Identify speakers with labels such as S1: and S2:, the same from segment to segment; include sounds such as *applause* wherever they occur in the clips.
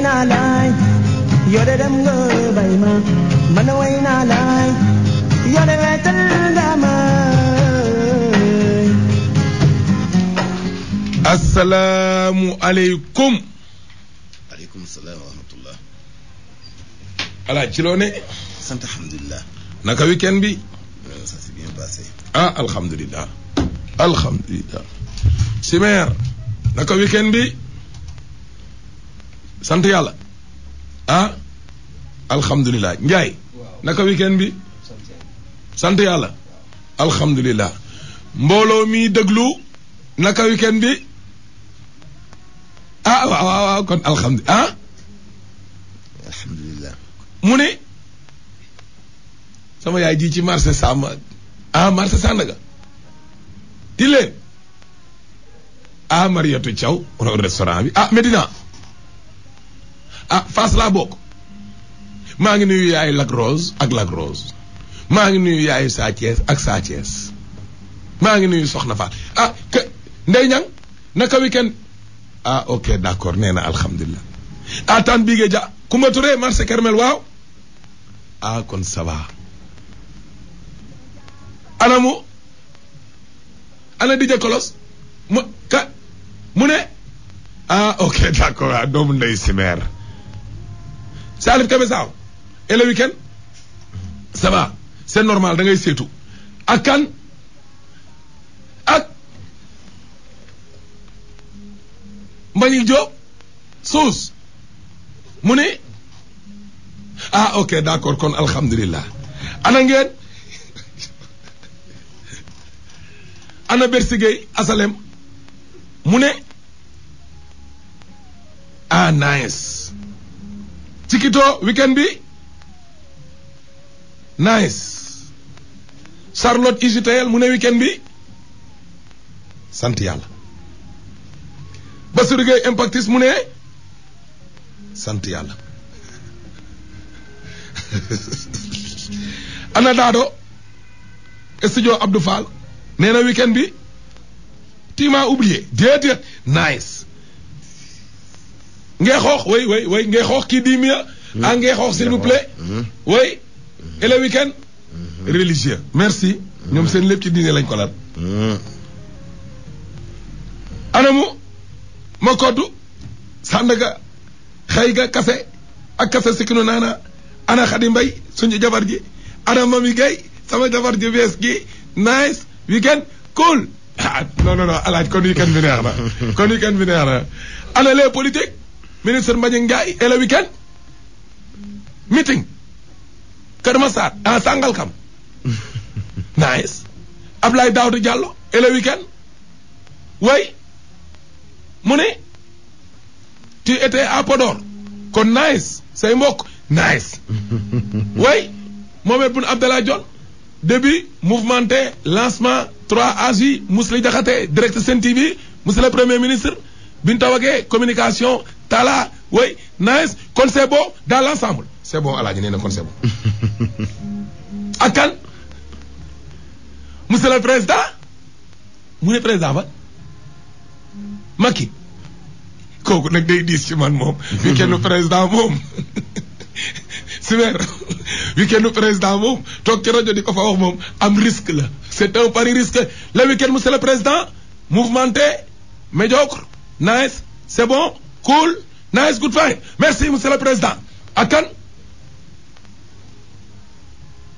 S1: السلام عليكم عليكم السلام ورحمة الله على جلوني سنت الحمد لله نكا ويكند بي اه الحمد لله الحمد لله سمير نكا ويكند بي sant yàlla ah alhamdulilah Ndiaye. naka weekend bi. sant yàlla. alhamdulilah. mbooloo mi déglu. naka weekend bi. ah waaw kon ah? alhamdulilah mu ne. sama yaay ji ci marché Sàmm ah marché Sandaga. di leen. ah Mariatou Thiaw restaurant bi ah Medina. ah la bok bokk maa ngi nuyu yaay Lac Rose ak Lac Rose maa ngi nuyu yaay Sa Thiès ak Sa Thiès maa ngi nuyu Soxna fa ah ke ndey ñang naka weekend ah ok d'accord nee na alhamdulilah ah tànn bii ja Touré marché Kermel waaw ah kon ça va anamu ana DJ Kolos mu ka mu ne ah ok d'accord ah, doomu ndey si Salif Kébé Saaw et le week c'est normal da ngay seetu ak kan ak Mbagnick Diop suus mu ne ah ok d'accord kon alhamdulilah ana ngeen ana Bersi Gueye mu ne ah Tikito, weekend bi nice charlotte isitel mu ne weekend bi sante yalla Bassirou Gueye impactis mu ne sant yàlla *laughs* ana dado studio abdou fall nee weekend bi tima oublié nice ngay oui oui oui ngay qui dit mieux mille mmh. ah s'il vous plaît mmh. oui et le week-end mmh. religieux merci ñoom seen lépp ci diine lañ ko laal anamu ma koddu Sandaga, xëy ga kase ak kase sikkinu naana ana Anna mbay suñu jabar ji ana gay sama jabar ji bees gi nice weekend cool *laughs* ah non non non alaaj connu weekend bi là. Connu kon weekend bi neex *laughs* les politiques ministre mbagne Ndiaye et le Weekend, meeting Kër Massar en ah, kam *laughs* nice Ablaye Daouda Diallo et le way mu tu étais à Podor kon nice say mbok nice *laughs* way Mohamed bun Abdallah John, début mouvementé lancement 3 asi Muslim Diakhaté direct Sen TV monsieur premier ministre bi communication Tala, oui nice c'est dans l'ensemble c'est bon alaaji la na c'est bon *laughs* monsieur le président Monsieur le président ba Maki, qui? nag day dis, ci man *laughs* week-end président mom *laughs* week-end président mom président je le risque c'est un pari risque le week-end monsieur le président mouvementé médiocre nice c'est bon cool nice good fine merci monsieur le président ak kan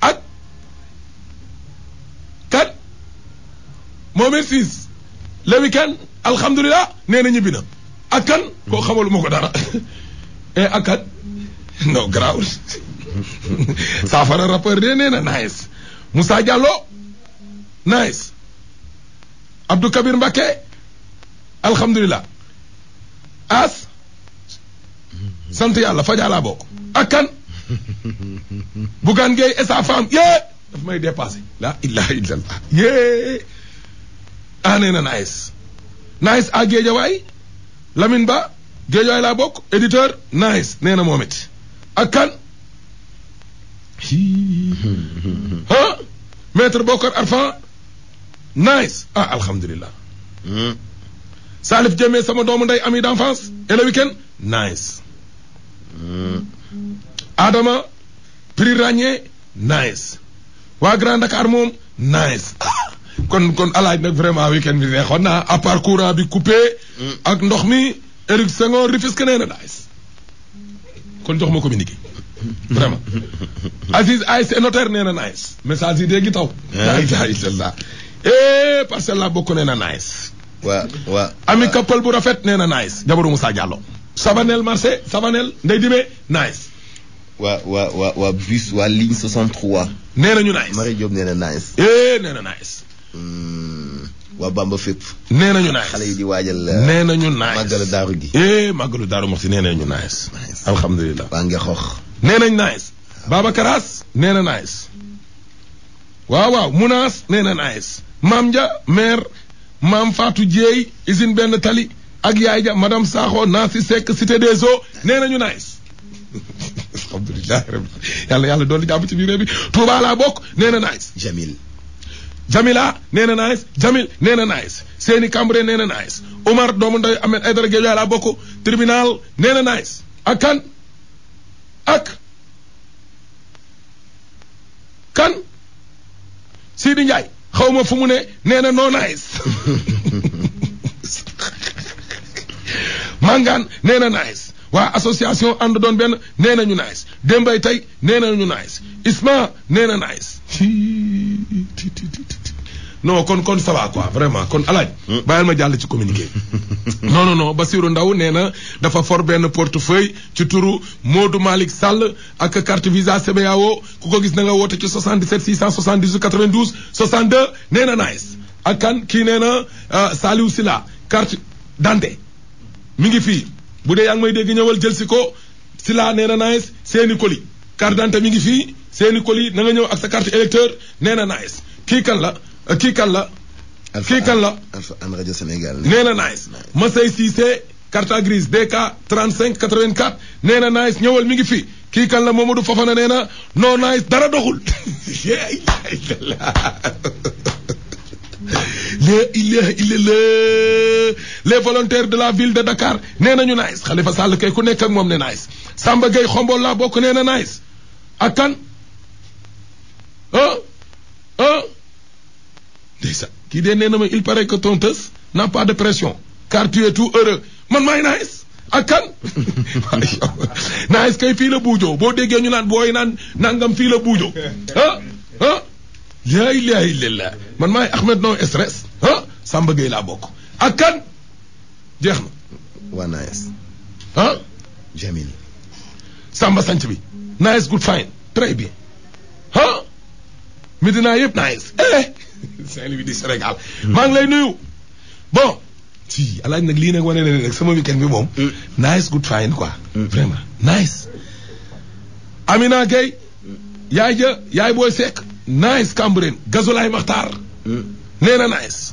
S1: ak kan moom it siis le week-end alhamdulilah nee na ñibbi na ak ko dara *laughs* e ak kan non garaawul *laughs* saafara rappeur nice Moussa Diallo nice Abdou Kabir Mbacké alhamdulilah as sant yalla faja laa Akan ak kan bugaan ngay et eh, sa femme daf may dépasser la ilaha illallah ye anena ah, nice nice ah, nice à way Lamine Ba géejawaay la bok éditeur nice nena momit Akan ha maître bokor Arfan nice ah alhamdulillah hmm. Salif Jeme sama doomu ndey ami d'enfance et le week-end nice. Hmm. Adama prix ràññee nice. waa Grand Dakar moom nice. *coughs* kon kon alaaj nag vraiment week-end bi neexoon naa à part courant bi coupé. Hmm. ak ndox mi Éric Senghor Rufisque nee nice. kon jox ma communiqué. *coughs* vraiment. Aziz Aïs notaire nee na nice. message yi dégg taw. Eh. la ilaha illallah. Eh, bokk nee nice. waaw waaw ami kappal bu rafet nee na nice jabaru Moussa Diallo sabanel marché sabanel nday dibee nice waa waa waa waa nañu nice Marie Diop nee na nice eh hmm, fépp nee nañu nice xale yi di waajal euh, nee nañu nice màggalu daaru gi eh màggalu si nee nañu nice alhamdulilah waa nge nañ nice Babacar na nice waaw waaw Mounas nee na Maam Dia maire maam faatu Dieye usine benn tali ak yaay ja madame Sakho Nancy Seck cité des eaux nee nañu nice *laughs* alhamdulilah yàlla yàlla doon li jàpp ci biir réew bi Touba bokk nee na nice Jamil nee na nice Jamil nee na nice Séni Cambré nee na doomu nday Ahmed Aïdara Gueye laa bokk tribunal nee na ak kan ak kan Sidi Ndiaye xaw ma fu mu ne nee na no nice mangaan nee na nice waa association ànd doon benn nee na ñu nice tey nee na ñu nice isma nee na non kon kon ça va quoi vraiment kon alaaj hmm. ma jàll ci communiqué *laughs* non non non Basirou Ndaw nee na dafa for benn portefeuille ci turu Modou Malick Sall ak carte visa ku ko gis na nga woote ci 77 678 92 62 nee na nice ak kan ki nee na euh, Saliou Sila carte dante mu ngi fii bu dee yaa ngi may dégg ñëwal jël si ko Sila nee na nice seeni colis carte dante mi ngi fii seeni colis na ñëw ak sa carte électeur nee na nice kii kan la kii kan la. kii kan la Alpha An rajo Sénégal. nee na nice Masay Cissé carte grise DK 35 84 nee na nice mi ngi fi kii kan la Mamadou Fofana nee na non nice dara doxul. *laughs* la ilaha illallah les de la ville de Dakar nee nañu nice Khalifa Sall kay ku nekk ak moom ne nice Samba Gueye xombol laa bokk nee na nice ah ah. ndeysaan kii dee nee na ma il paraît que tonteuse n'a pas de pression car tu es tout heureux man maay nice ak kan *laughs* nice kay fii la buujoo boo déggee ñu naan booy naan nangam fii la buujoo ah ah laa ilaha illallah man maay Ahmed no stress ah Samba Gueye laa bokk ak jeex na waa nice ah jamil Samba sanc bi nice good fine très bien ah Medina yëpp nice eh, *laughs* Saint-Louis di Sénégal. maa lay nuyu. bon. si alaaj nag lii nag wane na nag sama weekend bi moom. Mm. nice good fine quoi. Mm. vraiment nice. Amina Gueye. Mm. yaay ja yaay booy Seck. nice Cambérène gazo laay Maxtaar. nee na nice.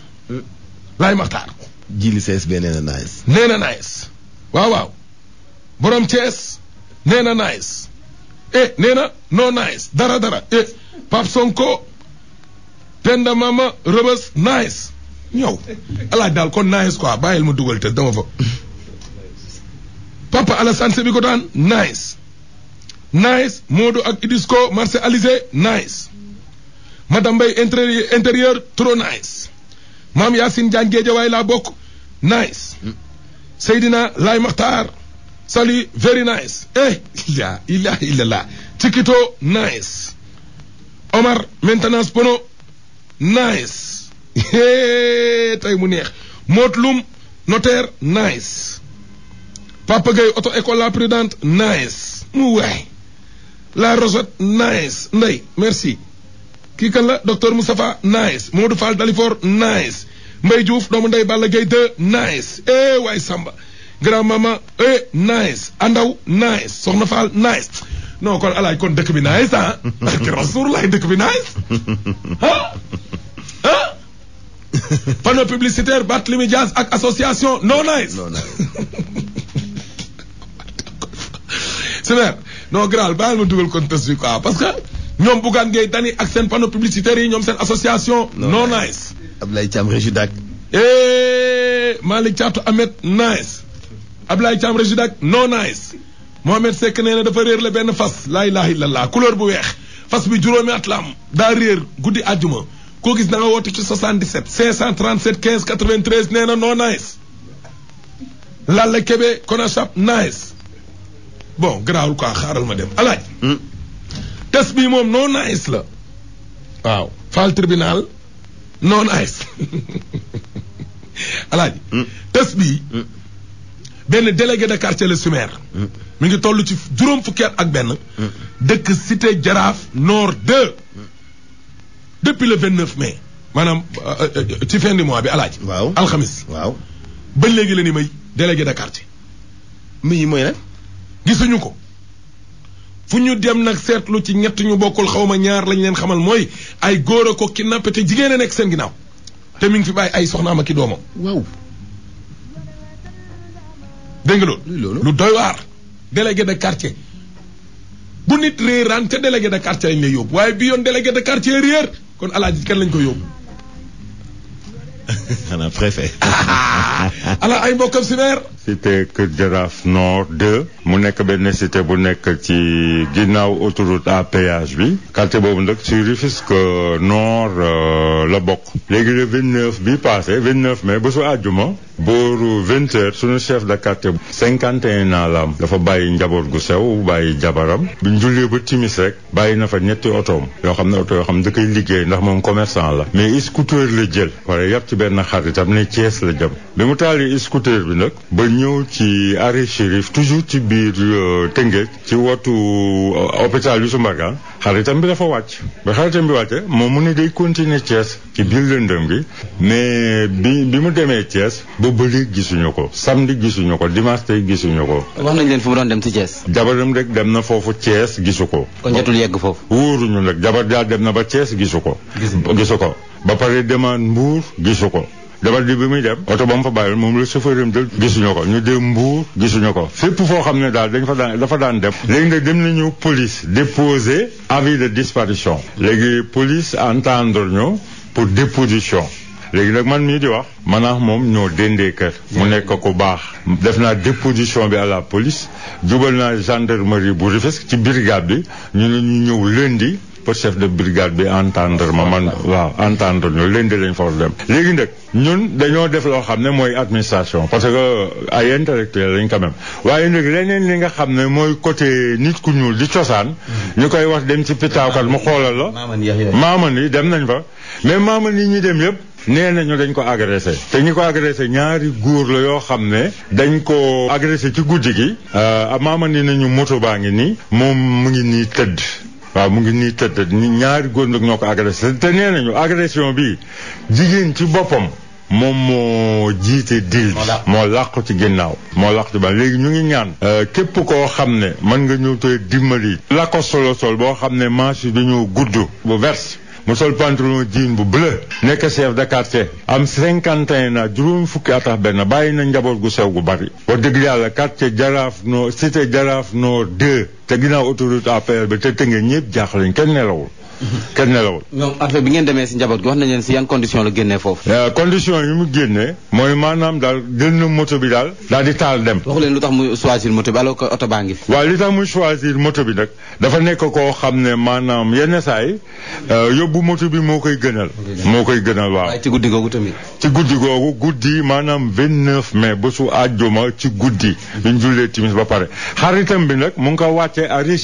S1: laay Maxtaar. Jili CSB nee na nice. nee na nice. borom Thiès. nee na nice. eh nee na dara dara eh Pape Penda Mama Rëbës nice ñëw alaaj daal kon nice quoi bàyyil ma dugal te dama fa Papa Alassane Sébikotane nice nice Modou ak Idisco marché Alizé nice madame Mbaye intérieur intérieur nice maam Yacine Diagne Géejawaay laa bokk nice Seydina Laay Maxtaar Sali very nice eh *laughs* la ilaha illallah nice Omar maintenance pono nice tey mu neex mootlum notaire nice Papa Gueye auto école la prudente nice mu waay la Rosette nice ndey merci kii kan la docteur Moustapha nice Modou Fall Dalifor nice Mbaye Diouf doomu ndey Balla Gueye 2 nice eh waay Samba grand maman eh, nice Andaw nice Soxna Fall nice non kon alaaj kon dëkk bi nice ah. *laughs* barke Rasulullah dëkk bi nice ah panneau publicitaire Barthélémy Dias ak association non nice. non nice. *laughs* vrai. non grand baal ma dugal contexte bi quoi parce que ñoom Bougane Gueye Dany ak seen panneau publicitaire yi ñoom seen association. non nice Ablaye Thiam Régidac. Eh, Malik Thiatou Ahmed nice Ablaye Thiam Régidac non nice. Mohamed Seck nee na dafa réer la benn fas laa ilaha illallah couleur bu weex fas bi juróomi at la am daa réer guddi àjjuma koo gis da nga ci 77 537 15 93 na non nice Lalla Kébé Konachap nice bon garaawul quoi xaaral ma dem alaaj hmm. bi moom non nice la waaw faal tribunal non nice *laughs* alaaj hmm. hmm. benn délégué de quartier le Sumaire mi ngi toll ci juróom fukki at ak benn. dëkk cité jaraaf noor 2. depuis le 29 mai. maanaam euh, euh, euh, ci fin du bi alaaji. waaw alxamis. waaw ba léegi la ni may délégué de quartier. muy mooy nag. gisuñu ko fu ñu dem nag seetlu ci ñett ñu bokkul xawma ñaar lañ leen xamal mooy ay góor a ko kidnappé te jigéen a nekk seen ginnaaw. te mi ngi fi bàyyi ay soxnaam ak i doomam. waaw. loolu. lu doy waar. délégué de quartier bu nit réeraan ca délégué de quartier lañ lay yóbbu waaye bi yoon délégué de quartier réer kon alaaji kan lañ ko yóbbu.
S2: *laughs* xanaa préfet.
S3: *laughs*
S1: ala ay mbokkam si
S3: cité Kër Jaraaf Nord 2 mu nekk benn cité bu nekk ci ginnaaw autoroute à péage bi quartier boobu nag ci Rufisque Nord euh, la bokk léegi le 29 bi passé 29 mai bésu àjjuma booru 20 heures sunu chef de quartier 51 naa la am dafa bàyyi njaboot gu sew bàyyi jabaram bu ñu jullee ba timis rek bàyyi na fa ñetti otoom yoo xam ne oto yoo xam ne da liggéey ndax moom commerçant la mais scooter la jël pare yàpp ci benn tam ne Thiès la jam bi ñëw ci arrêt Chérif toujours ci biir euh, Tëngéej ci watu euh, hôpital Youssou Mbarga xaritam bi dafa wàcc ba xaritam bi wàcce moom mu ne day continuer Thiès ci biir lëndëm gi mais bi bi mu demee Thiès ba bëri gisuñu ko samedi gisuñu ko dimanche tey gisuñu ko
S1: wax nañ leen fu mu doon dem ci
S3: Thiès jabaram rek dem na foofu Thiès gisu ko kon jotul yegg foofu wóoruñu rek jabar jaa dem na ba Thiès gisu ko gisu ko ba pare demande Mbour gisu ko dafa di bi muy dem oto ba mu fa bàyyoon moom la chauffeur am jël gisuñu ko ñu dem mbuur gisuñu ko fépp foo xam ne daal dañ fa daan dafa daan dem léegi nag dem nañu police déposer avis de disparition léegi police entendre ñu pour déposition léegi nag man mii di wax maanaam moom ñoo dendee kër mu nekk ku baax def naa déposition bi à la police jubal naa gendarmerie bu Rufisque ci brigade bi ñu ne ñu ñëw lundi pour chef de brigade bi entendre ma man waaw entendre ñu lundi lañ fa dem léegi nag ñun dañoo def loo xam ne mooy administration parce que euh, ay intellectuel lañ quand même waaye nag leneen li nga xam ne mooy côté nit ku ñuul di cosaan ñu koy wax dem ci pitaakat mu xoolal la maaman yi dem nañ fa mais maaman ñi ñu dem yëpp nee nañu dañ ko agressé te ñi ko agressé ñaari góor la yoo xam ne dañ ko agressé ci guddi gi euh, maaman yi nañu moto baa ngi nii moom mu ngi nii tëdd waaw mu ngi nii tëdd ñaari góor nag ñoo ko agressé te nee nañu agression bi jigéen ci boppam moom moo jiite dil bi moo làqu ci ginnaaw moo làqu ci ban léegi ñu ngi ñaan euh, képp koo xam ne mën nga ñëw tey dimbali la solo sol boo xam ne manche yi dañoo gudd bu verse mu sol pantalon bu bleu nekk chef de quartier am 51 ans juróom fukki at benn bàyyi na njaboot gu sew gu bari wax dëgg yàlla quartier Jaraaf Nord cité Jaraaf Nord 2 te ginnaaw autoroute APR bi te tënge ñëpp jaaxleñ kenn nelawul Mhm. kenn nelawul. ñoom affaire bi ngeen demee si njaboot gi wax nañ leen si yan condition la génnee foofu. Euh, condition yi mu génnee mooy maanaam daal jël na moto bi daal daal di taal dem. waxu leen lu tax muy choisir moto bi alors que oto baa ngi fi. waaw li moto bi nag dafa nekk koo xam ne maanaam yenn saa yi euh, yóbbu moto bi moo koy gënal. moo koy gënal waaw. waaye ci guddi googu tamit. ci guddi googu guddi maanaam 29 mai ba su àjjuma ci guddi. Mhm. bi ñu jullee timis ba pare xaritam bi nag mu ngi ko wàccee ari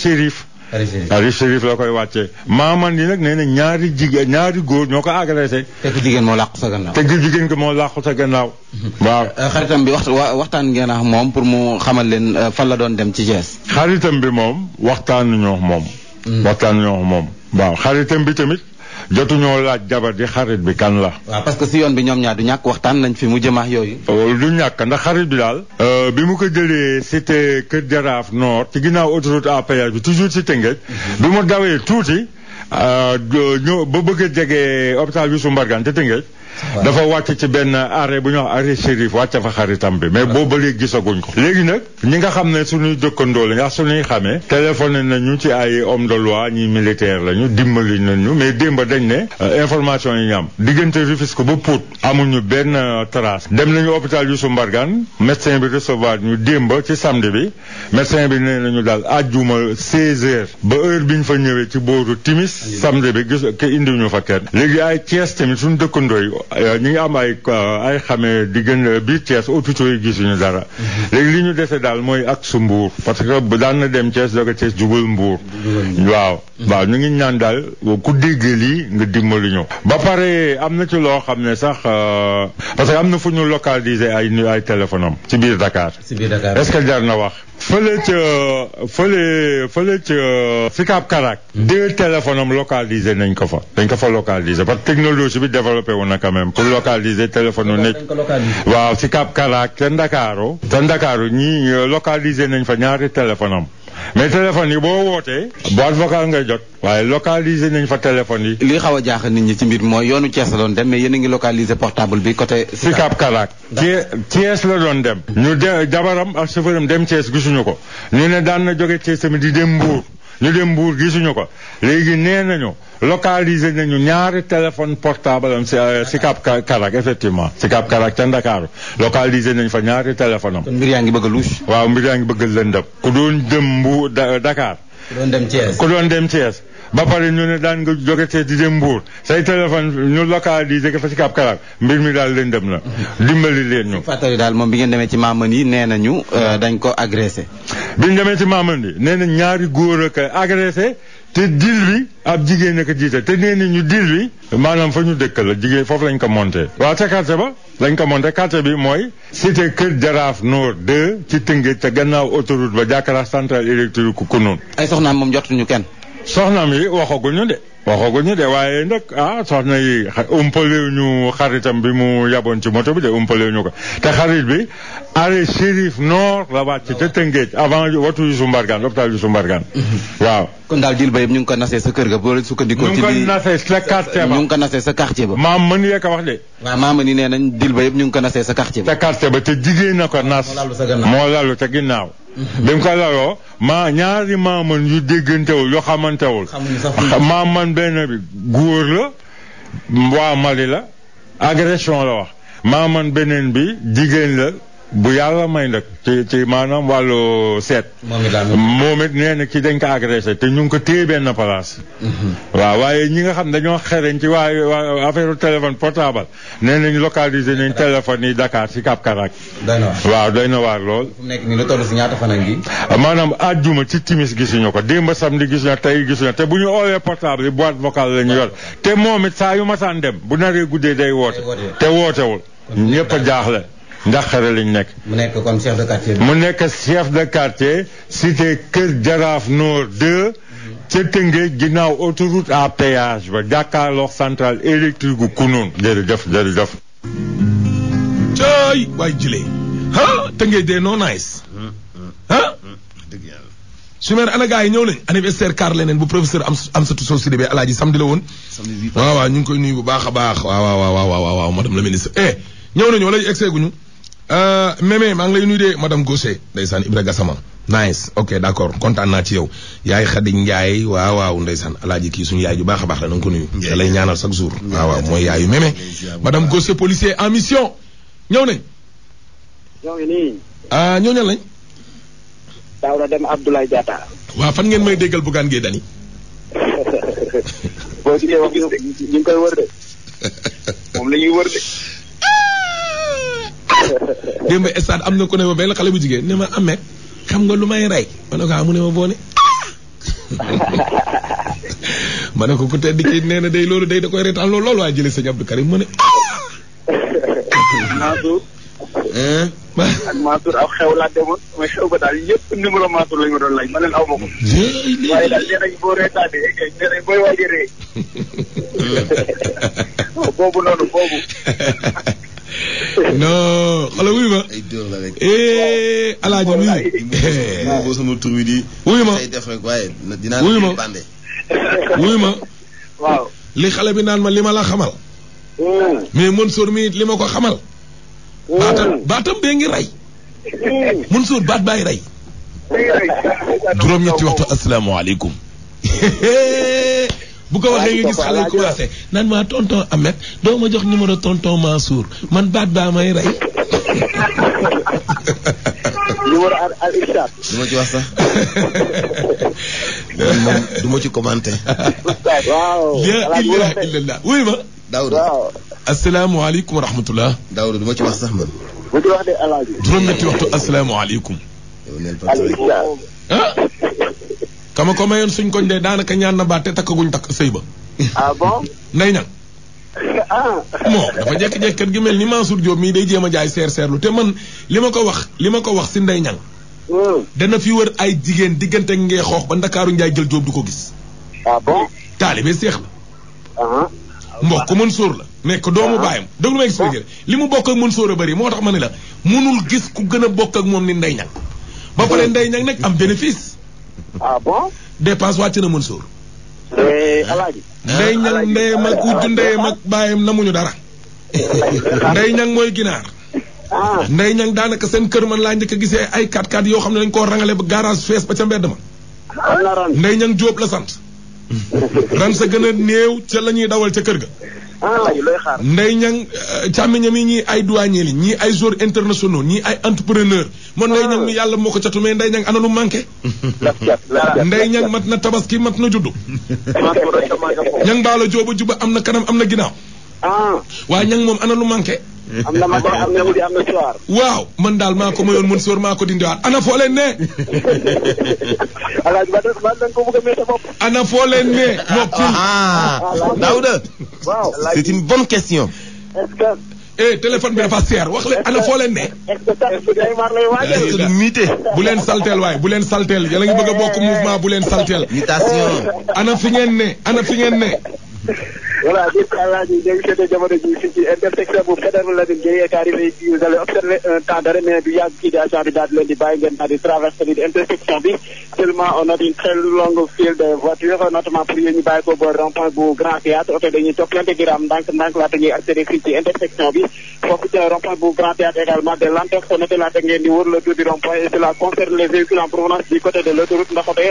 S3: a Arif Chérif la koy wàccee maaman yi nag nee na ñaari jigéen ñaari góor ñoo ko agressé. fekk jigéen moo làqu sa gannaaw. fekk jigéen ko moo làqu sa gannaaw. waaw xaritam bi waxtu waxtaan ngeen ak moom pour mu xamal leen fan la doon dem ci Thiès. xaritam bi moom waxtaan ñoo moom. waxtaan ñoo moom waaw xaritam bi tamit. jotuñoo laaj jabar ji xarit bi kan la. waaw parce que si yoon bi ñoom ñaar du ñàkk waxtaan nañ fi mu jëmaax yooyu. Oh, du ñàkk ndax xarit bi daal. Euh, bi mu ko jëlee cité Kër Jaraaf Nord ci ginnaaw autoroute à péage bi toujours ci Tëngéej. Mhm. bi mu dawee tuuti. Euh, ñoo ba bëgg jege hôpital Youssou Mbargane te Tëngéej. dafa wàcc ci benn arrêt bu ñu wax arrêt shérif wàcc fa xaritam bi mais boobu ba léegi gisaguñ ko léegi nag ñi nga xam ne suñuy dëkkandoo la ndax suñuy xamee téléphoné nañu ci ay homme de loi ñi militaire lañu dimbali nañu mais démb dañ ne euh, information yi ñu am diggante ko ba Pout ñu benn euh, trace dem nañu hôpital Youssou Mbargane médecin bi recevoir ñu démb ci samedi bi médecin bi nee nañu daal àjjuma 16 heures ba heure bi ñu fa ñëwee ci booru timis samedi bi gis ke indiwuñu fa léegi ay Thiès tamit suñu dëkkandoo yi Euh, ñu ngi am ay ay xamee di gën biir Thiès hôpitaux yi gisuñu dara mm-hmm. léegi li ñu dese daal mooy ak su mbuur parce que daan na dem Thiès doog a Thiès jubal mbuur waaw mm-hmm. waaw ñu ngi ñaan daal ku dégg lii nga dimbali ñu ba pare am na ci loo xam ne sax euh, parce que am na fu ñu localiser ay ay téléphone am ci biir Dakar est-ce que jar na wax fële ca fële fële ca Sicap Karack hmm. deux téléphones am localisé nañ ko fa dañ ko fa localisé parce technologie bi développé wu na quand même pour localiser téléphone u nekk waaw Sicap Karack ca Ndakaaru ca Ndakaaru ñi localisé nañ fa ñaari téléphone am mais téléphone yi boo wootee boîte vocale ngay jot waaye localiser nañ fa téléphone yi li xaw a jaaxal nit ñi ci mbir mooy yoonu Thiès la doon dem mais yéen a ngi localiser portable bi côté Sicap Kalaak Thiès la doon dem ñu de jabaram ak chauffeuram dem Thiès gisuñu ko ñu ne daan na jóge Thiès tamit di dem Mbour ñu dem Mbour gisuñu ko léegi nee nañu localiser nañu ñaari téléphone portable am si si euh, Cap Karak effectivement ci Cap Karak ca Ndakaaru localiser nañ fa ñaari téléphone am. mbir yaa ngi bëgg a luus. waaw mbir yaa ngi bëgg a lëndëm. ku doon dem Mbour Dakar. ku doon dem ci ku doon dem Thiès ba pare ñu ne daan nga jóge te di dem Mbour say téléphone ñu localisé ko fa si Cap Karaar mbir mi daal leen dem na. dimbali leen ñu. fàttali daal moom bi ngeen demee ci Mamandi yi nee nañu euh, dañ ko agressé. bi ñu demee ci Mamandi yi nee na ñaari góor a ko agressé te dil bi ab jigéen a ko jiite te nee na ñu dil bi maanaam fa ñu dëkk la jigéen foofu lañ ko monté. waa ca quartier ba lañ ko monté quartier bi mooy. cité Kër Jaraaf Nord 2 ci Tëngéej te gannaaw autoroute ba jàkkaarloo centrale électrique ku noonu. ay soxnaam moom jotuñu kenn. soxnaam yi waxaguñu de waxaguñu de waaye nag ah soxna yi umpalew ñu xaritam bi mu yaboon ci moto bi de umpalew ñu ko te xarit bi arrêt Chérif Nord la wàcc te Tëngéej avant watu Youssou Mbargane hôpital Youssou Mbargane mhm. waaw daal dil ba ñu ko nase sa kër ga boo leen sukkandikoo ci ñu ngi ko nasee sa quartier ba ñu ngi ko maam mën yee wax de waaw maam mën yi nee nañ ñu ngi ko nasee sa quartier ba sa quartier ba te jigéen na ko nas moo lalu sa ginnaaw Benkwa la yo Nyari mamon yu digen te ou Yo kaman te ou *laughs* Mamon benen bi Gour le Agresyon la yo Mamon benen bi digen le bu yàlla may nag ci ci maanaam wàllu seet. moom it nee na ci dañ ko agressé te ñu ngi ko téye benn place. Mhm. waaw waaye ñi nga xam dañoo xereñ ci waaye affaire téléphone portable nee nañ localisé nañ téléphone yi dakaar si Cap Karak. waaw day na waar lool. nekk nii lu toll si ñaata fan ak gi. maanaam àjjuma ci timis gisuñu ko démb samedi gis na tey gis na te bu ñu oolee portable yi boîte vocale la ñu yor te moom it saa yu masaan dem bu naree guddee day woote. te wootewul ñëpp a jaaxle. ndax lañ nekk. mu nekk kon chef de quartier. mu nekk chef de quartier cité Kër Jaraaf Nord 2. ca Tëngéej ginnaaw autoroute à péage ba jàkkaarloog centrale électrique gu Kounoune. jërëjëf jërëjëf. cay waay jëlee ah Tëngéej de non nice. ah.
S1: su mel ana ñëw nañ anniversaire car bu professeur am Amsatou Sow Sidibé alaaji la woon. waaw waaw ñu ngi koy nuyu bu baax a baax waaw waaw madame la ministre eh ñëw nañu wala egg Euh, Mémé maa ngi lay nuyu de madame Gossé ndeysaan Ibra Gassama nice ok d' accord kontaan naa ci yow yaay Xadi Njaay waaw waaw ndeysaan alaaji kii suñu yaay ju baax a baax la na nga ko nuyu da lay ñaanal chaque jour waaw waaw mooy yaayu Mémé madame Gossé policier en mission ñëw nañ ah ñoo ñal lañ Daouda fan ngeen may déggal Bougane Gueye Dany *laughs* boo koy wër de *laughs* moom la wër de démb stade am na ku ne ma benn xale bu jigéen ne ma amee xam nga lu may rey ma ne ko ah, mu ne ma boone *laughs* ma ko ku tedd kii nee na day loolu day da koy reetaan loolu loolu waa jële sëñ Abdou Karim mu ne ah. Mansour *laughs* ak xew laa demoon mais xew ba daal yëpp numéro ma doon laaj aw ma ko waaye daal boo reetaanee eh, eh,
S3: *laughs* boobu noonu boobu
S1: *laughs* Nou, ala woy ma? E, ala jan woy? Woy ma? Woy ma? Woy ma? Le chale binan man lima la khamal? Mwen moun sur mi, lima kwa khamal? Hmm. Batan bengi ray? Moun hmm. sur bat bay ray? Drom yot yo aslamu alikum. *laughs* bu ko waxee nga gis xale ko wassé nan ma tonton Ahmed do ma jox numéro tonton Mansour man bat ba may ray numéro al al irshad. ci wax sax. man ci commenté. waaw. la ilaha illallah wuy ma. Daouda waaw. asalaamualeykum wa rahmatullah. Daouda du ci wax sax man. bu ci wax de El Hadj. juróom-ñetti waxtu asalaamualeykum. yow kama ko mayon suñ koñ de danaka ñaan na ba tak guñ tak sey ba ah bon nay ñang ah mo dafa jek jek kat gi melni mansour diom mi day jema jaay ser serlu té man lima ko wax lima ko wax ci nday ñang hmm. dana fi wër ay jigen digënté ngey xox ba ndakaru nday jël job duko gis ah bon talibé cheikh la ah mbokk mën la nek doomu uh-huh. bayam lu may expliquer Limu mu bokk ak mansour bari motax manila moo munul gis ku gëna bokk ak mom ni ndey ñang ba pare hmm. ndey ñang nak am bénéfice ah bon. dépasse wàcc na Mansour. Eh, alaaji. ndey ñang ndeyam ak wujju ndeyam ak baayam namuñu dara. *laughs* ndey ñan mooy ginaar. Ah. ndey ñang daanaka seen kër man laa njëkk a gisee ay 4 x yoo xam ne dañu koo rangale ba garage fees ba ca mbedd ma. ndey ñan Jóob la sant. *laughs* ran sa gën a néew ca la ñuy dawal ca kër ga. ana lay looy xaar. ndey ñang eh, càmmiñam yi ñii ay douanier ñii ay joueurs internationaux ñii ay entrepreneur man ndey ñang mi ah. yàlla moo ko catu mais ndey ñang ana lu manqué. ndey ñang mat na tabaski mat na juddu. ñang baala jooba juba am na kanam am na ginnaaw. Ah. waaye ñang moom ana lu manqué. *laughs* am na Maodo am na Wuli am na Soar. waaw man daal maa ko mayoon mën soor maa ko dindiwaat ana foo leen ne. *laughs* alaaj ba da nga ko bëgg a mee sa bopp. ana foo leen ne. noppil ah, ah, ah. Daouda. waaw c'est une bonne question. est-ce que. eh téléphone bi dafa seer wax leen ana foo leen ne. est-ce que tamit Neymar lay waajal. est-ce que du miite. bu leen salteel waaye bu leen salteel yàlla ngi bëgg a bokk mouvement bu leen salteel. mutation. ana fi ngeen ne ana fi ngeen ne. voilà gis nga laaj yi ñu jamono ji ci intersection bu Fédéral Lamine Gueye et arrivé fii vous allez observer un temps d'arrêt mais du yàgg kii di agent bi daal di leen di bàyyi ngeen di traversé bi intersection bi
S3: seulement on a une très longue file de voitures notamment pour yéen ñu bàyyi ko ba rond-point bu Grand Théâtre oto dañuy toppalante di la ndànk ndànk laata ñuy accéder fii ci intersection bi foofu ci rond-point bu Grand Théâtre
S1: également de l'entorse noté laata ngeen di wër le tour du rond-point et cela concerne les véhicules en provenance du côté de l'autoroute
S2: ndax oto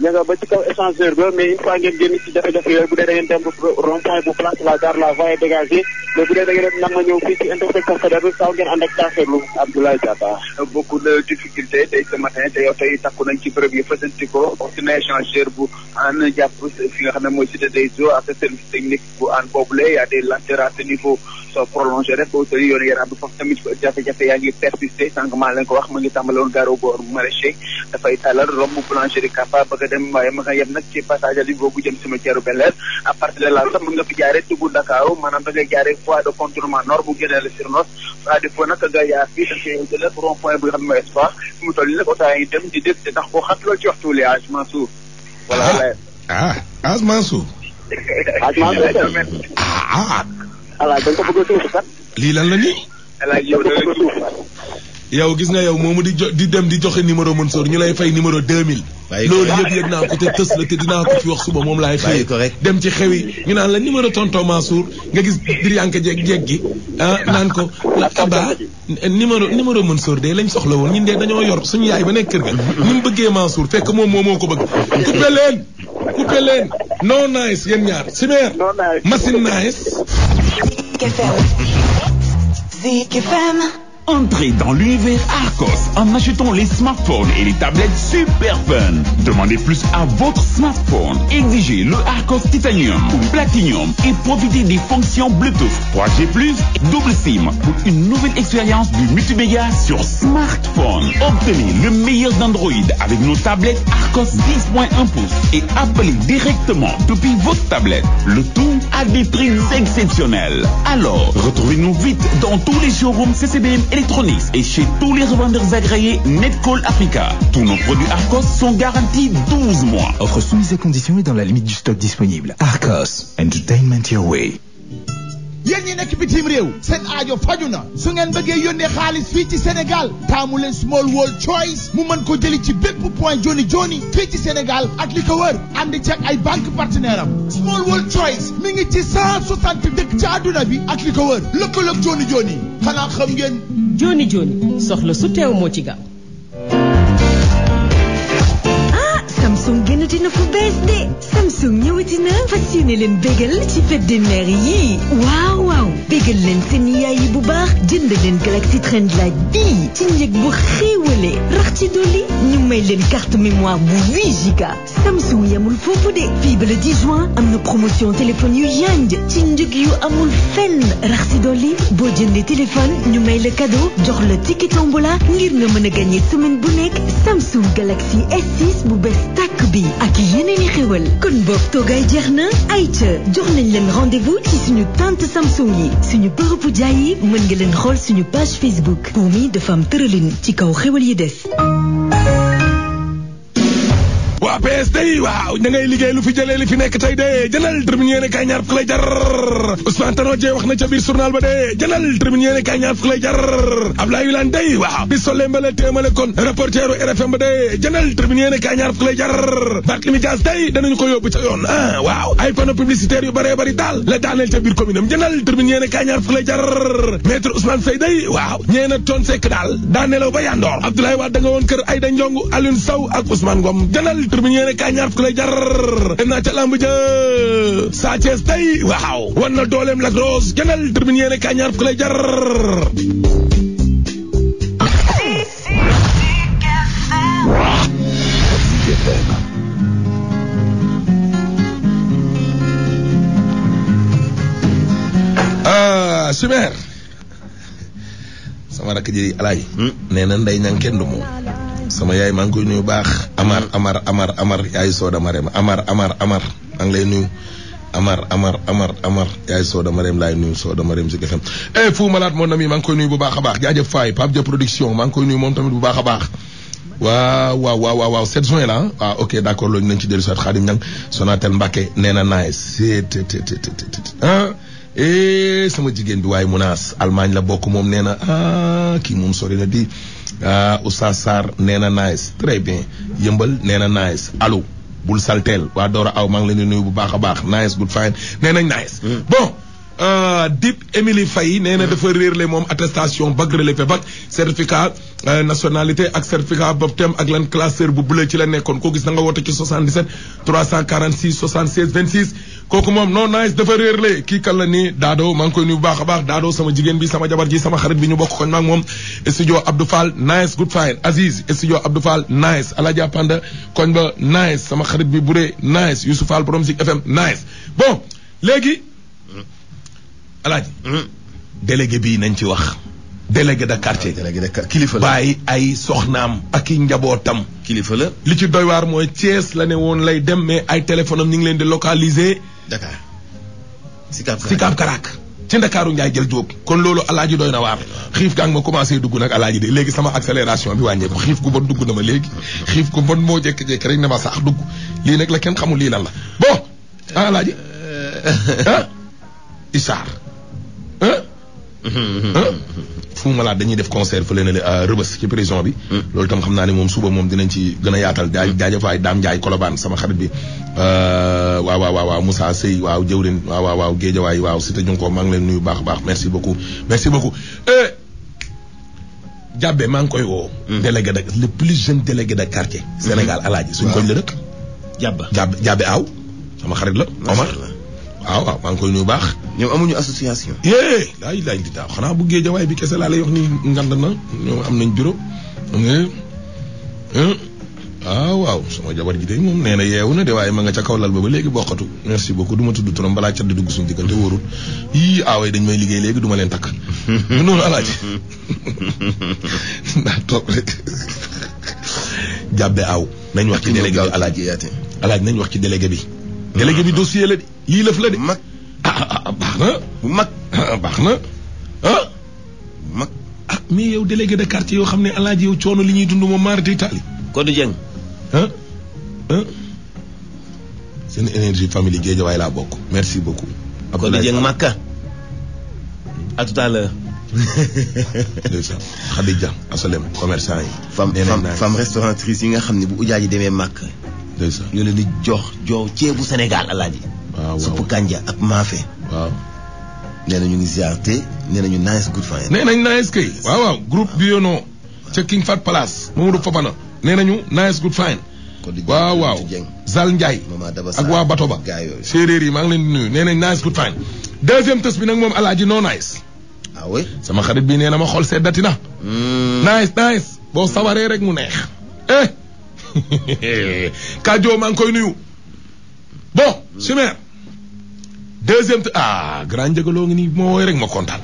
S2: ña nga ba ci kaw échangeur ba mais une fois ngeen génn ci jafe-jafe yooyu bu dee da ngeen dem rond point bu place la gare la voie dégagée mais bu dee da nam ma ñëw ci intersecteur Faidherbe bi ngeen ànd ak
S1: taxeelu Abdoulaye Diatta euh, beaucoup de difficultés tey ce matin te yow takku nañ ci bërëb yi fasanti ko ci na échangeur bu an jàpp fi nga xam ne mooy cité des eaux ak service technique bu an boobule y a des lenteurs à ce niveau so prolongé rek boo tëri yoon yaram bi foofu tamit jafe-jafe yaa ngi persisté sànq maa leen ko wax mu ngi tàmbaloon garo boor maraîcher dafay talal romb boulangerie Kapa bëgg a dem waaye ma nga yem nag ci passage ali boobu jëm cimetière Bel Air à partir de là sax mën nga fi jaaree dugg Dakar maanaam da ngay jaaree voie de contournement nord bu génnee la sur nord à défaut nag nga yaa fii da ngay jël rond point bu nga xam ne mooy espoir fi mu toll nag otaa yi dem di dégg te xat ci voilà ah ah alaaj da nga ko bëgg a suufu kat. lii lan la nii. alaaj yow da nga ko bëgg a suufu yow gis nga yow momu di di dem di joxe numéro Mansour ñu lay fay numéro 2000. lolu yeb yeb na ko te teus la te dina ko fi wax suba mom lay fay. dem ci xewi ñu nan la numéro tonton Mansour nga gis dir yank jeeg jeeg gi ah naan ko Aba numéro numéro Mansour de lañ soxla won ñun de dañoo yor suñu yaay ba nek kër ga. ñu bëgge Mansour fekk mom moo moo ko bëgg. coupé len coupé len no nice yéen ñaar simer non nice machine nice. Zik Zik FM. Entrez dans l'univers Arcos en achetant les smartphones et les tablettes super fun. Demandez plus à votre smartphone. Exigez le Arcos Titanium ou Platinum et profitez des fonctions Bluetooth 3G+, double SIM pour une nouvelle expérience du multimédia sur smartphone. Obtenez le meilleur d'Android avec nos tablettes Arcos 10.1 pouces et appelez directement depuis votre tablette. Le tout à des prix exceptionnels. Alors, retrouvez-nous vite dans tous les showrooms CCBM et Electronics et chez tous les revendeurs agréés Netcall Africa. Tous nos produits Arcos sont garantis 12 mois. Offre soumise et condition et dans la limite du stock disponible. Arcos, entertainment your way. yéen ñi nekk bitim réew seen aajo faju na su ngeen bëggee yónnee xaalis fii ci Sénégal taamu leen Small World Choice mu mën ko jëli ci bépp point joni joni fii ci Sénégal ak li ko wër àndi ci ak ay banque partenaire am Small World Choice mi ngi ci 160 dëkk ci àdduna bi ak li ko wër lëkkaloog joni joni fanaa xam ngeen
S2: joni joni soxla su teew moo ci gaaw
S1: ñëwati na fu bees de Samsung ñëwati na fas yéene leen bégal ci fête
S2: des mères yi waaw waaw bégal leen seen yaay yi bu baax jënd leen Galaxy Trend Lite bii ci njëg bu rax ci dolli ñu may leen carte mémoire bu 8 giga Samsung yamul foofu de fii ba le juin am na promotion téléphone yu yanj ci njëg yu amul fenn rax ci dolli boo jëndee téléphone ñu may le cadeau jox la ticket tombola ngir nga mën a gagner semaine bu nekk Samsung Galaxy S6 bu
S1: bi ak yeneen i xéwal kon boog toogaay jeex na ayca jox nañ leen rendez-vous ci suñu tante Samsung yi suñu bërëbu jaay yi mën nga leen xool suñu page Facebook
S2: Buumi dafa am tëralin ci kaw xéwal yi des
S1: waa PS day waaw ña ngay liggéey lu fi jëlee li fi nekk tey de jënal termine yéene kaay ñaar fukk lay jar Ousmane Tanor Dieng wax na ca biir journal ba de jënal termine yéene kaay ñaar fukk lay jar Abdoulaye Wilane day waaw bi solee mbala téemale kon reporteru RFM ba de jënal termine yéene kaay ñaar fukk lay jar Barthélémy Dias day danañu ko yóbbu ca yoon ah waaw ay panneau publicitaire yu bëree bëri daal la daaneel ca biir commune am jënal termine yéene kaay ñaar fukk lay jar maître Ousmane Seye day waaw ñee na toon sekk daal daanelaw ba yandoor Abdoulaye Wade da nga woon kër Aïda Ndiongue Alioune Sow ak Ousmane Ngom jënal tribune yéen Sa Thiès tey waaw wan ah, sama rakk ji Alaaji hmm? nee na ndey kenn du moom sama yaay maa ngi koy nuyu baax. Amar Amar Amar Amar yaay Soda Marème Amar Amar Amar maa ngi lay nuyu. Amar Amar Amar Amar yaay Soda Marème laay nuyu Soda Marème Zik FM. eh Fou Malade mon ami maa ngi koy nuyu bu baax a baax jaajëf Faye Pape Dia production maa koy nuyu moom tamit bu baax a baax. waaw waaw waaw waaw 7 juin la ah. ok d' loolu nañ ci dellu si waat Xaadim Ñang Sonatel Mbacke nee na naay seet ah. eh sama jigéen bi waaye Munaas Allemagne la bokk moom nee na ah kii moom sori na ah Oustaz Sarr nee na nice très bien yëmbal nee na nice allo bul salteel waa Dora aw maa ngi leen di nuyu bu baax a baax nice good fine nee nañ nice hmm. bon. Euh, Dip Émilie Faye nee na dafa réerle moom attestation bac relevé bac certificat euh, nationalité ak certificat baptême ak lan classeur bu bleu ci la nekkoon koo gis na nga woote ci 77 346 76 26 kooku moom non nice dafa réerle kii kan la ni daado maa ngi koy nuyu bu baax a baax daado sama jigéen bi sama jabar ji sama xarit bi ñu bokk koñ maag moom studio Abdou Fall nice good fine Aziz studio Abdou Fall nice Alaja Panda koñ ba nice sama xarit bi Bouré nice Youssouf Fall Promzik FM nice bon léegi alaaji délégué bii nañ ci wax délégué de quartier délégué de kilifa la bàyyi ay soxnaam ak i njabootam kilifa la li ci doy waar mooy Thiès la ne woon lay dem mais ay téléphone ñu ngi leen di localiser Dakar Sicap Sicap Karaak ci ndakaaru Ndiaye jël jóob kon loolu alaaji doy na waar xiif gaa am ma commencé dugg nag alaaji de léegi sama accélération bi wàññeeku xiif gu bon dugg na ma léegi xiif gu bon moo jékki-jékki rek ne ma sax dugg lii nag la kenn xamul lii lan la bon ah alaaji euh, euh, ah Fou Malade dañuy def concert fële na la euh, rëbës ci prison bi. loolu tam xam naa ne moom suba moom dinañ ci gën a yaatal. jaay jaajëfaay Dame Ndiaye Colobane sama xarit bi. Euh, waaw waaw musaa Moussa Seye waaw jëwrin waaw waaw waaw Géejawaay waaw Cité Junko maa ngi leen nuyu baax a baax merci beaucoup merci beaucoup. Euh, jàbbe maa ngi koy woo. Hmm. délégué de le plus jeune délégué de quartier. Sénégal hmm. alaaji suñ koñ la dëkk. jàbba jàbbe jàbbe aaw sama xarit la Omar. waaw waaw maa ngi koy nuyu baax ñoom amuñu association yee laa yi laay ditaaw xanaa bu géej waay bi kese laa lay wax ni ngand na ñoom am nañ bureau xam nga ah waaw sama jabar ji day moom nee na yeewu na de waaye ma nga ca kaw lal ba ba léegi bokkatu merci beaucoup du ma tudd turam balaa cat di dugg suñu diggante wóorul yii ah, aaway dañ may liggéey léegi du ma leen takk ñu *laughs* noonu alaaji *laughs* naa toog rek jàbbe aaw nañ wax ci délégué bi alaaji alaaj nañ wax ci délégué bi délégué bi dossier la di yii lëf la di mag ah, ah, ah baax na bu mag ah, baax na ah mag ah mais yow délégué de quartier yoo xam ne alaaji yow coono li ñuy dund moom maar di taali Codé Dieng ah ah seen énergie famille Guédiawaye laa bokk merci beaucoup Codé Dieng Makka à tout à l'heure *laughs* Khadija asalem commerçant yi femme femme restauratrice yi nga xam ne bu ujaa ji demee Makka ndeysaan ñu leen di jox jox ceebu Sénégal alaaji waaw supp kànja ak maafe waaw nee na ñu ngi ziarte nee na ñu nice good fine nee nañ nice kay waaw waaw groupe bi yoonoo ca King Fat Palace Mamadou Fofana nee nañu nice good fine waaw waaw Zal Ndiaye ak waa Bato ba séeréer yi maa ngi leen di nuyu nee nañ nice good fine deuxième tës bi nag moom alaaji no nice ah oui sama xarit bi nee na ma xol seddati na hmm. nice nice boo sawaree rek mu neex eh *laughs* Kadio maa ngi koy nuyu. bon. Chimère. deuxième ah grand njëgaloo ngi nii bu ma rek ma kontaan.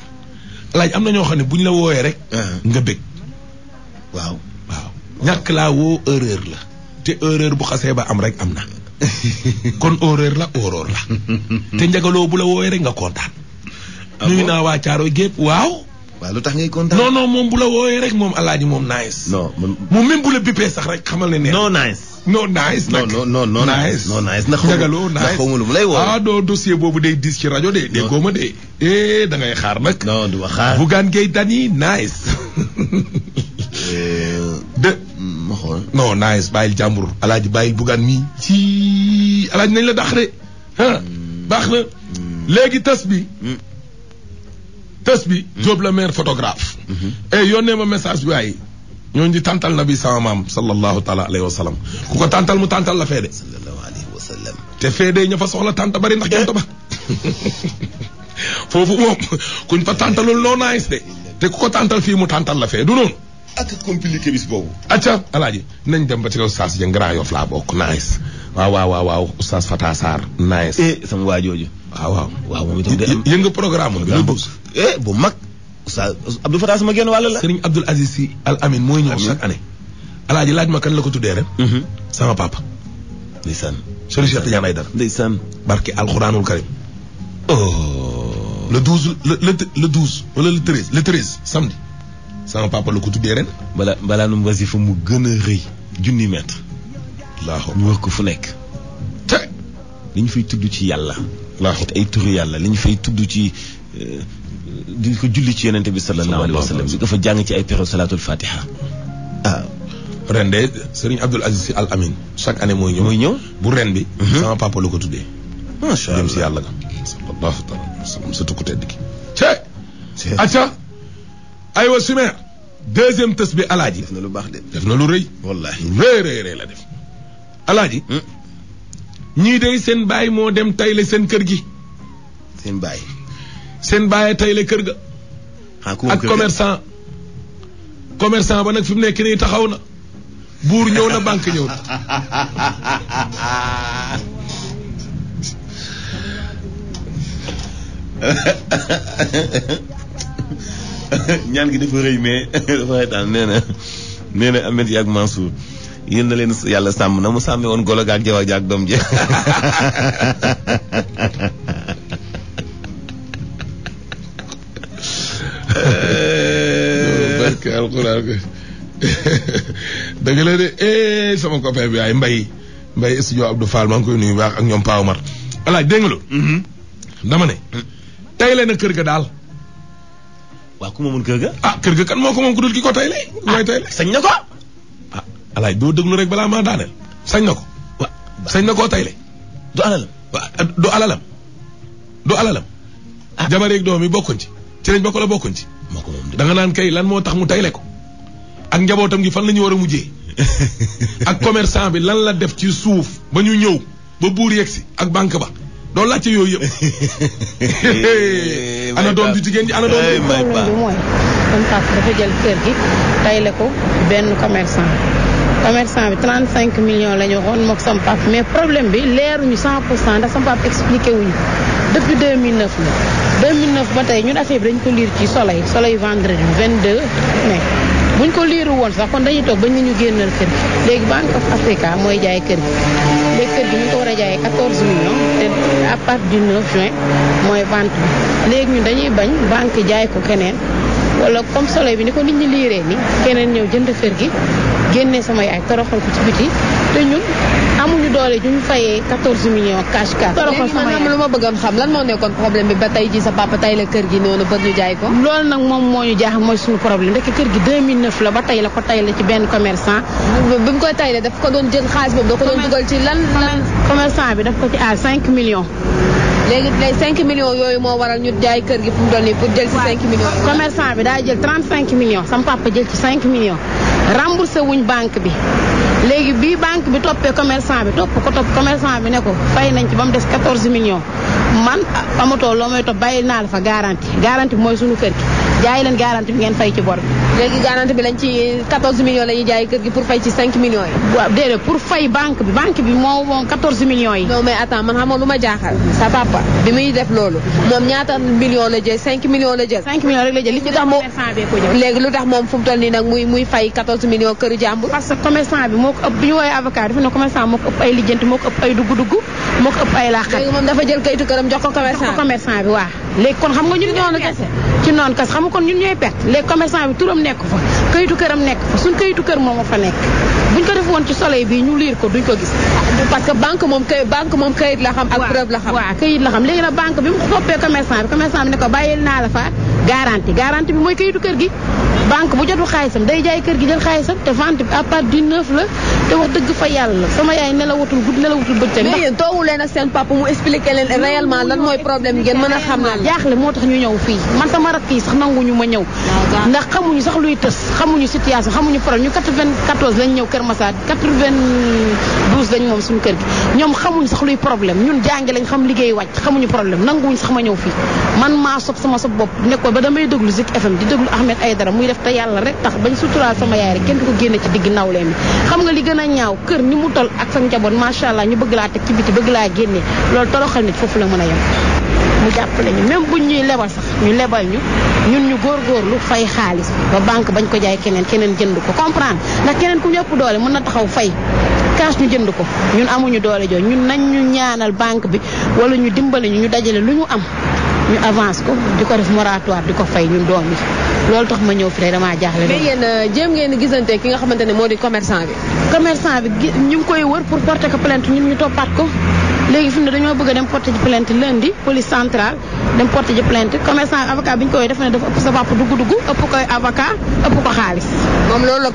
S1: laaj am na ñoo xam ne bu ñu la wooyee rek. Uh-huh. nga bëgg. waaw waaw ñàkk laa woo erreur la. te erreur bu xasee ba am rek am na. *laughs* kon horreur la horreur la. *laughs* te njagaloo bu la wooyee rek nga kontaan. Ah nuyu naa waa Caaro gépp waaw. waaw lu tax ngay kontaan non non moom bula la wooyee moom alaaji moom nice. non moom même bu la bippee sax rek xamal ne. non no non nice nag non non non nice. non mu lay woo. ah doo dossier boobu dey dis ci rajo de. déggoo ma de eh da ngay xaar nag. non du ma xaar Bougane Gueye Dany nice. *laughs* de. ma xool non nice bàyyil jàmbur alaaji bàyyil Bougane mii. ci alaaji nañ la dax de. Mm. baax na mm. léegi tas tës bi Jóob la maire photographe mhm. et eh, yónnee ma message bi waaye di tàntal na sama maam sallallahu taala alayhi wa sallam la feede sallallahu fa soxla tànt bari ndax jant ba *laughs* foofu moom kuñ fa tàntalul noo te ko tàntal fii mu tàntal la fee du boobu acca nañ dem ba ci oustaz jëng Grand Yoff laa bokk eh, sama waa waaw waaw moom itam day am yënga programme bi eh bu mag sa Abdou Fatah sama genn wàll la Serigne Abdoul Aziz Sy Al Amin mooy ñëw chaque année alaaji laaj ma kan la ko tuddee ren mm-hmm. sama papa ndeysaan Serigne Cheikh Tidiane Aïdara ndeysaan barke alxuraanul karim oh. le douze le le douze wala le treize le treize samedi sama papa la ko tuddee ren bala balaa num wasifa mu gën a rëy junni mètre laaw ñu wax ko fu nekk te li ñu fay tudd ci yàlla laa ay turu yàlla li ñu fay tudd ci euh, di ko julli ci yonente bi sallallahu alayhi wa sallam di ko fa jàng ci ay période salaatul fatiha ah ren de Serigne Abdoul Aziz Sy Al Amin chaque année mooy ñëw mooy ñëw bu ren bi mhm. sama papa la ko tuddee macha allah dem si yàlla wa sallam surtout ku tedd ki ce acca aywa sumer deuxième tës bi alaaji def na lu baax de def na lu rëy wallahi rëy rëy la def alaaji hmm. ñii day seen baay moo dem tayle seen kër gi. seen baay. seen baay tayle kër ga. ak commerçant. commerçant ba nag fi mu nekk nii taxaw na.
S2: buur ñëw na banque ñëw na.
S1: *laughs* ñaan gi dafa rëy mais *laughs* dafa reetaan nee na nee na Ahmed yaag Mansour. yéen na leen yàlla sàmm na mu sàmmee woon golo gaag jawa jaag doom je *laughs* barke alxuraan ko dëgg la de eh sama copain bi ay mbay mbay studio Abdou Fall maa ngi koy nuyu baax ak ñoom Paa Omar alaaj dégg nga mm-hmm. ne mm. tey leen kër ga daal waa ku moomoon kër ga ah kër ga kan moo ko moom ku dul ki ko tey le ah, mooy tey le ko alay do deglu rek bala ma daaneel sañ nako sañ nako tayle do alalam do alalam do alalam ah. jamar rek domi yi ci ci lañ bokk la ci da nga nan kay lan mo tax mu tayle ko ak njabotam gi fan lañu wara mujjé *laughs* ak commerçant bi lan la def ci souf ba ñu ñew ba bour yegg ak bank ba doo laajte yoy yeb *laughs* ana doon du jigen ji ana may ba
S2: dafa jël gi tayle ko benn commerçant commerçant bi 35 millions lañu ñu waxoon mook sama pap mais problème bi leeruñu 100 pour cent ndax sama pap expliqué wuñu depuis 2009 la 2009 ba tey ñun affaire bi dañ ko lire ci soleil soleil vendredi 22 mai buñ ko liiru woon sax kon dañuy toog bañ ñu génnal kër gi léegi Banque of Africa mooy jaay kër gi léegi kër gi ñu ko war a jaayee 14 millions te à partir du 9 juin mooy vente bi léegi ñun dañuy bañ banque jaay ko keneen wala comme soleil bi ni ko nit ñi liiree ni keneen ñëw jënd kër gi génnee samay ay toroxal ko ci biti te ñun amuñu doole ju ñu fayee 14 millions cash cash. toroxal sama yaay léegi man lu ma bëggoon xam lan moo nekkoon problème bi ba tey ji sa papa tey la kër gi noonu bëgg ñu jaay ko. loolu nag moom moo ñu jaax mooy suñu problème ndeke kër gi 2009 la ba tey la ko tey la ci benn commerçant. bi mu koy tey la daf ko doon jël xaalis boobu da ko doon dugal ci lan lan. commerçant bi daf ko ci à 5 millions. léegi tey 5 millions yooyu moo waral ñu jaay kër gi fu mu doon nii pour jël ci 5 millions. commerçant bi remboursé wuñ banque bi léegi bii banque bi toppee commerçant bi topp ko topp commerçant bi ne ko fay nañ ci ba mu des 14 millions man amatoo loo may topp bàyyi naa la fa garantie garantie bi mooy suñu kër gi jaay leen garantie bi ngeen fay ci bor bi léegi garantie bi lañ ci 14 millions la ñuy jaay kër gi pour fay ci 5 yi. waaw déedéet fay banque bi banque bi moo woon 14 yi. non mais attends man xamoon lu ma jaaxal sa papa bi muy def loolu moom ñaata millions la jël 5 millions la jël. 5 millions rek la jël li ci tax moom léegi lu tax moom fu toll nii nag muy fay 14 kër jàmbur. parce que commerçant bi moo ko ëpp bi ñu woowee avocat dafa moo ko ëpp ay lijjanti moo ko ëpp ay dugg-dugg. moo ko ëpp ay laaxkat. léegi moom dafa jël kayitu këram jox ko commerçant bi commerçant bi waaw. léegi kon xam nga ñun ñoo kese ci noonu kese xam nga kon ñu ñooy perte léegi commerçant bi turam nekk fa kayitu këram nekk fa suñ kayitu kër moom fa nekk buñ ko def woon ci soleil bi ñu liir ko duñ ko gis. parce que banque moom kay banque moom kayit la xam. ak preuve la xam waaw kayit la xam léegi nag banque bi mu xoppee commerçant bi commerçant bi ne ko bàyyil naa la fa garanti garanti bi mooy kayitu kër gi bank bu jotu xaalisam day jaay kër gi jël xaalisam te vente bi à part du neuf la te wax dëgg fa yàlla sama yaay ne la wutul gudd ne la wutul bëccëg. mais yéen toogu leen ak seen papa mu expliquer leen réellement lan mooy problème ngeen mën a xam lan jaaxle moo tax ñu ñëw fii man sama rakk yi sax nanguñu ma ñëw ndax xamuñu sax luy tës xamuñu situation xamuñu problème ñu 94 lañ ñëw Kër Massar 92 lañ moom suñu kër gi ñoom xamuñu sax luy problème ñun jàngi lañ xam liggéey wàcc xamuñu problème nanguñu sax ma ñëw fii man maa sob sama sob bopp ko ba damay déglu Zik FM di déglu Ahmed aydara muy def te yàlla rek tax bañ suturaal sama yaay rek kenn ko génne ci digg nawle mi xam nga li gën a ñaaw kër ni mu tol ak sa njaboot macha allah ñu bëgg laa teg ci biti bëgg laa génne loolu toroxal nit foofu la mën a yem mu jàppale ñu même bu ñuy lebal sax ñu lebal ñu ñun ñu góor góor góorgóorlu fay xaalis ba banque bañ ko jaay keneen keneen jënd ko comprendre ndax keneen ku ñëpp doole mën na taxaw fay kaas ñu jënd ko ñun amuñu doole jooy ñun nañ ñu ñaanal banque bi wala ñu dimbali ñu ñu dajale lu ñu am ñu avance ko di ko def moratoire di ko fay ñun doom yi loolu tax ma ñëw fii dama jaaxle. mais yéen euh, jéem ngeen di gisante ki nga xamante ne moo di commerçant bi. commerçant bi ñu ngi koy wër pour porter ko plainte ñun ñu toppaat ko léegi fi mu ne dañoo bëgg a dem porter ji plainte lundi police centrale dem porter ji plainte commerçant avocat bi ñu ko woowee dafa ne dafa ëpp sa bopp dugg-dugg ëpp ko avocat ëpp ko xaalis. moom loolu la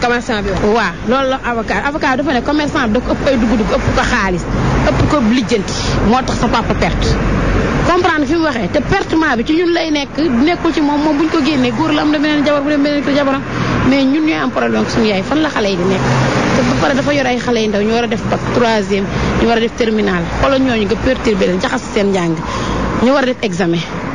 S2: commerçant bi wax. waaw loolu la avocat avocat dafa ne commerçant bi da ko ëpp ay dugg-dugg ëpp ko xaalis ëpp ko lijjanti moo tax sa papa perte. comprendre fi mu waxee te pertement bi ci ñun lay nekk nekkul ci moom moom buñ ko génnee góor la am na beneen jabar bu dem beneen ko jabaram mais ñun ñooy am problème ak suñu yaay fan la xale yi di nekk te ba pare dafa yor ay xale yu ndaw ñu war a def bac troisième ñu war a def terminal xoolal ñooñu nga perturbé beneen jaxas seen njàng ñu war a def examen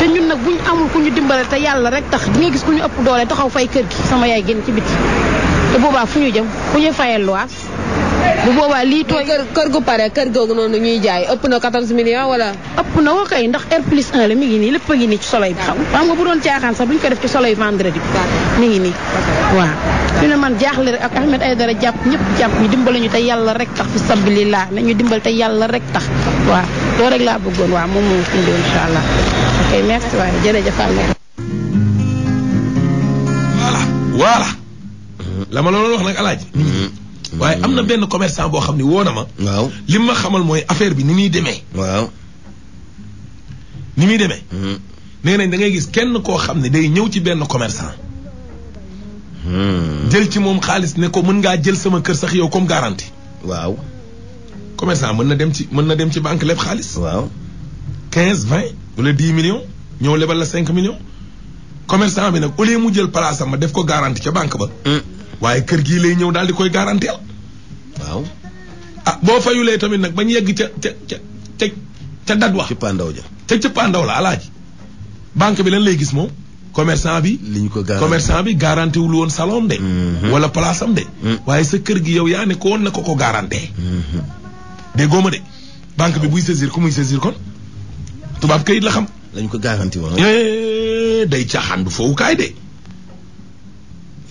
S2: te ñun nag buñ amul ku ñu dimbale te yàlla rek tax di nga gis ku ñu ëpp doole taxaw fay kër gi sama yaay gën ci biti te boobaa fu ñu jëm ku ñu fayal luwaas bu boobaa lii tooy kër kër gu pare kër googu noonu ñuy jaay ëpp na 14 millions wala ëpp na wa kay ndax R plus 1 la mi ngi nii lépp a ngi nii ci soleil bi xam xam nga bu doon caaxaan sax duñ ko def ci soleil vendredi mi ngi nii waaw fi ne man rek ak Ahmed ay dara jàpp ñëpp jàpp ñu dimbal ñu te yàlla rek tax fi sabilillah nañu dimbal te yàlla rek tax waaw loolu rek laa bëggoon waaw moom moom fi inshallah ok merci waay mm-hmm.
S1: wax nag alaaj mm-hmm. waaye am na mm-hmm. benn commerçant boo xam ne woo na ma. li ma xamal mooy affaire bi ni muy demee. waaw. ni muy demee. nee da ngay gis kenn koo xam ne day ñëw ci benn commerçant. jël ci moom xaalis ne ko mën ngaa jël sama kër sax yow comme garanti waaw. commerçant mën na dem ci mën na dem ci banque lépp xaalis. waaw quinze wala 10 millions ñëw lebal la 5 millions bi nag au mu jël place ma def ko garanti ca banque ba. Hmm. waaye kër gii lay ñëw daal di koy garanteel. waaw. Ah, boo fayulee tamit nag bañ yegg ca ca ca ca ca dad wax. cëppaandaw ja ca cëppaandaw la alaaji. banque bi lan lay gis moom. commerçant bi. li ñu ko garanti commerçant bi garanti woon salon de. Hmm. wala place de. Hmm. waaye sa kër gi yow yaa ne ko woon na ko ko garantee. déggoo ma de. banque bi buy saisir ku muy saisir kon. tubaab kayit la xam. lañ ko garanti woon. Eh, day caaxaan du foofu kaay de.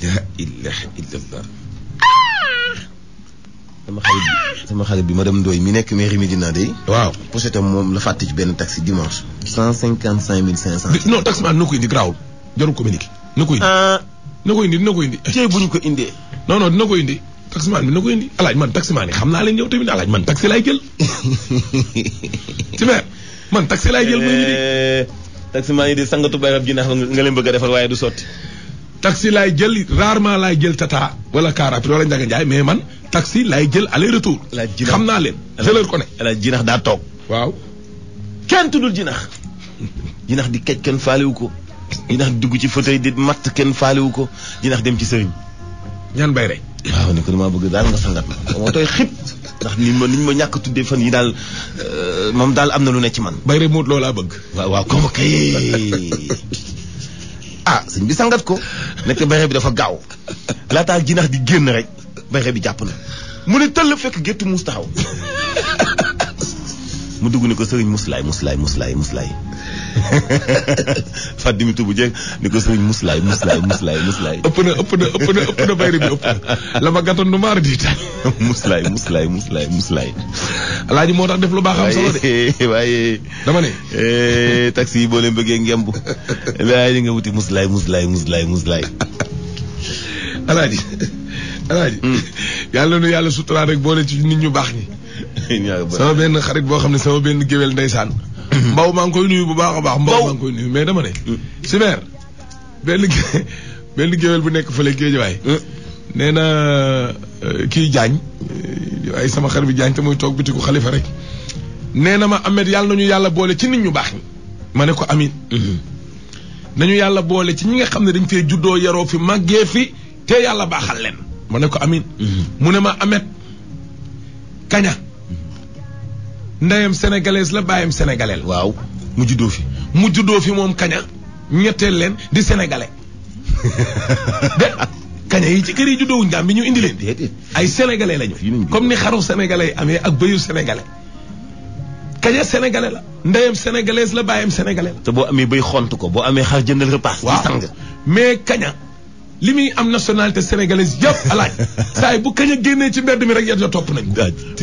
S1: la ilaha illallah. sama xarit bi ma dem ndooy madame Ndoye mi nekk mairie Médina de. waaw pochette am moom la fàtte ci benn taxi dimanche. cent cinquante cinq mille cinq cent. non taxi man na ko indi garaawul jarul communiqué. na ko indi ah. na ko indi dina ko bu ñu ko indee. non non ko indi. taximaan bi na ko indi alaaj man taximaan yi xam naa leen yow tamit alaaj man taxi laay jël. ci *laughs* mer. man taxi laay jël muy midi. Eh, taxi maa ngi di sangatu bayrab ji naax nga bëgg a defal waaye du sotti. taxi laay jël rarement laay jël tata wala car rapide wala Ndiaga Ndiaye mais man taxi laay jël aller retour. xam naa leen je leur connais. El Hadj Jinax daa toog. waaw. kenn tuddul Jinax. Jinax di kecc kenn faalewu ko. Jinax di dugg ci fauteuil di matt kenn faalewu ko Jinax dem ci sëriñ. ñaan bay rek. waaw ne ko maa bëgg daal nga sangat ma moo tooy ndax ni ma ni ñu ma ñàkk a fan yi daal euh, moom daal am na lu ne ci man. bare Bayre Moot laa bëgg. waaw waaw comme kay *laughs* ah sëñ bi sangat ko nekk bayre bi dafa gaaw laataa jinax di génn rek bayre bi jàpp na mu ne tëll fekk gétt muus taxaw. mu dugg ni ko serigne mouslay mouslay mouslay mouslay *laughs* fàddi mi tubu jeeg ni ko serigne mouslay mouslay mouslay mouslay ëpp na ëpp na ëpp na ëpp na bayri bi ëpp la ma gàttoon nu maar di mouslay mouslay mouslay muslaay muslaay alaaji tax def lu baxam solo de waye *laughs* dama ne eh, taxi bo boo beugé ngemb laay li nga wuti mouslay mouslay mouslay mouslay aladi aladi hmm. yalla nu yalla sutra rek bo boole ci nit ñu bax ni sama benn xarit boo xam ne sama benn géwel ndeysaan *coughs* mbaw maa ngi koy nuyu bu baax a baax mbaw maa koy nuyu mais dama ne mm. Super benn *laughs* benn géwél bu nekk fële géejawaay mm. nee na euh, kii jaañ euh, ay sama xarit bi muy toog xalifa rek nee na ma Ahmed yàlla nañu yàlla boole ci nit ñu baax ñi ma ne ko amin mm-hmm. nañu yàlla boole ci ñi nga xam ne dañ fee juddoo yaroo fi màggee fi te yàlla baaxal leen ma ne ko amin mm-hmm. mu ne ma amet kaña ndeyam sénégalaise la bàyyam sénégalais waaw mu juddoo fi mu juddoo fi moom kaña ñetteel leen di sénégalais *laughs* de kaña yi ci kër yi juddoo wuñ bi ñu indi leen. ay sénégalais lañu. comme ni xaru sénégalais amee ak bëyu sénégalais. kaña sénégalais la. ndeyam sénégalaise la bàyyam sénégalais la. te boo amee bay xont ko boo amee xar jëndal repas. waaw mais kaña. li muy am nationalité sénégalaise yëpp *laughs* alaaj saa bu kañ a génnee ci mbedd mi rek yet topp nañ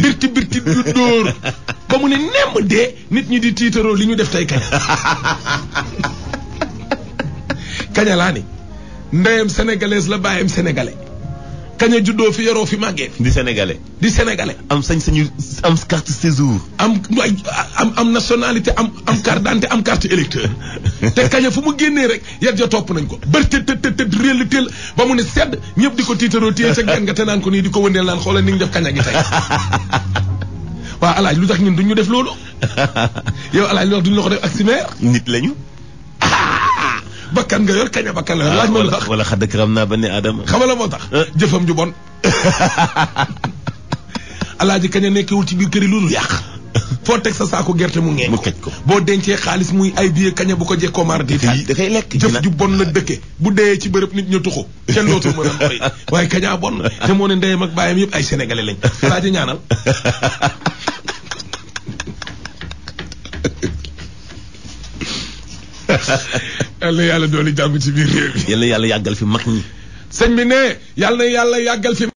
S1: birti birti du dóor *laughs* ba mu ne mu dee nit ñi di tiitaroo li ñu def tey kaña *laughs* kaña laa ni ndeyam la bàyyam sénégalais kañ a juddoo fi yoroo fi màggee di sénégalais. di sénégalais. am sañ-sañu am carte séjour. am am am nationalité am am carte d'identité am carte électeur te kañ fu mu génnee rek yar ja topp nañ ko. bër tët tët tët réel teel ba mu ne sedd ñëpp di ko tiitaroo téye sa gan nga te naan ko nii di ko wëndeel naan xoolal ni ñu def kañ a ngi tey. *laughs* waa alaaj lu tax ñun duñ ñu def loolu. *laughs* yow alaaj lu tax duñ la ko def ak si nit lañu. bakkan nga yor kañ a bakkan la yor ah, laaj ma tax ba ne Adama xamala moo tax ah. jëfam ju bon *laughs* alaaji kañ a nekkewul ci biir kër yi loolu yàq foo teg sa saako gerte mu ngeen mu ko boo dencee xaalis muy ay biye kaña bu ko jekkoo maar di taal da koy lekk jëf ju bon la dëkke bu deyee ci bërëb nit ñu tuxu kenn dootu mën a mooy *laughs* waaye kañaa bon te moo ne ndeyam ak baayam yëpp ay sénégalais lañ alaaji ñaanal *laughs* *laughs* yal na yàlla dooli jàmm ci biir réew mi. yal na yàlla yàggal fi mag ñi. sëñ bi ne yal na yàlla yàggal fi.